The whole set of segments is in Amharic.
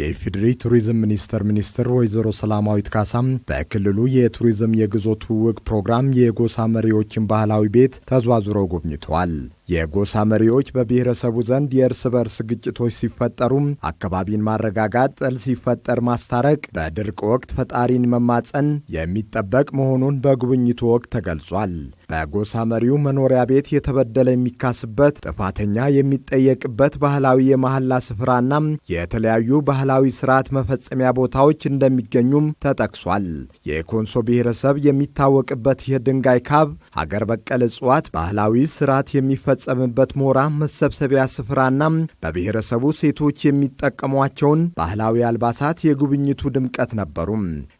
የኢፌዴሪ ቱሪዝም ሚኒስቴር ሚኒስትር ወይዘሮ ሰላማዊት ካሳም በክልሉ የቱሪዝም የጉዞ ትውውቅ ፕሮግራም የጎሳ መሪዎችን ባህላዊ ቤት ተዟዙረው ጎብኝተዋል። የጎሳ መሪዎች በብሔረሰቡ ዘንድ የእርስ በርስ ግጭቶች ሲፈጠሩም አካባቢን ማረጋጋት፣ ጥል ሲፈጠር ማስታረቅ፣ በድርቅ ወቅት ፈጣሪን መማፀን የሚጠበቅ መሆኑን በጉብኝቱ ወቅት ተገልጿል። በጎሳ መሪው መኖሪያ ቤት የተበደለ የሚካስበት፣ ጥፋተኛ የሚጠየቅበት ባህላዊ የመሐላ ስፍራና የተለያዩ ባህላዊ ስርዓት መፈጸሚያ ቦታዎች እንደሚገኙም ተጠቅሷል። የኮንሶ ብሔረሰብ የሚታወቅበት የድንጋይ ካብ አገር በቀል እጽዋት ባህላዊ ስርዓት የሚፈጸምበት ሞራ መሰብሰቢያ ስፍራና በብሔረሰቡ ሴቶች የሚጠቀሟቸውን ባህላዊ አልባሳት የጉብኝቱ ድምቀት ነበሩ።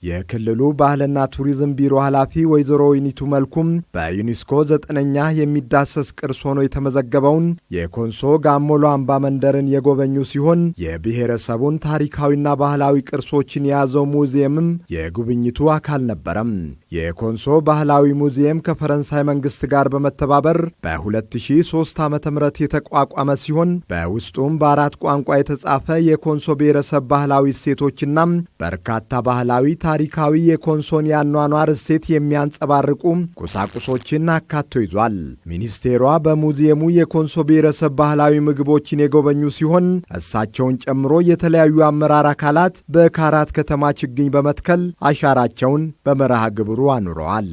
የክልሉ ባህልና ቱሪዝም ቢሮ ኃላፊ ወይዘሮ ወይኒቱ መልኩም በዩኒስኮ ዘጠነኛ የሚዳሰስ ቅርስ ሆኖ የተመዘገበውን የኮንሶ ጋሞሎ አምባ መንደርን የጎበኙ ሲሆን የብሔረሰቡን ታሪካዊና ባህላዊ ቅርሶችን የያዘው ሙዚየምም የጉብኝቱ አካል ነበረም። የኮንሶ ባህላዊ ሙዚየም ከፈረንሳ ፈረንሳይ መንግስት ጋር በመተባበር በ2003 ዓ ም የተቋቋመ ሲሆን በውስጡም በአራት ቋንቋ የተጻፈ የኮንሶ ብሔረሰብ ባህላዊ እሴቶችና በርካታ ባህላዊ፣ ታሪካዊ የኮንሶን ያኗኗር እሴት የሚያንጸባርቁ ቁሳቁሶችን አካቶ ይዟል። ሚኒስቴሯ በሙዚየሙ የኮንሶ ብሔረሰብ ባህላዊ ምግቦችን የጎበኙ ሲሆን እሳቸውን ጨምሮ የተለያዩ አመራር አካላት በካራት ከተማ ችግኝ በመትከል አሻራቸውን በመርሃ ግብሩ አኑረዋል።